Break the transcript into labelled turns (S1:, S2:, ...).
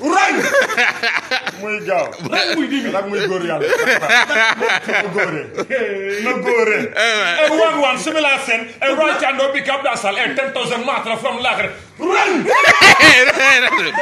S1: Run! muy gaaw rang muy digg rang muy góor yàlla na góore na góore e wan wan simila sen e wan cando bi kap dasal e ten thousand matra from lagre. Run!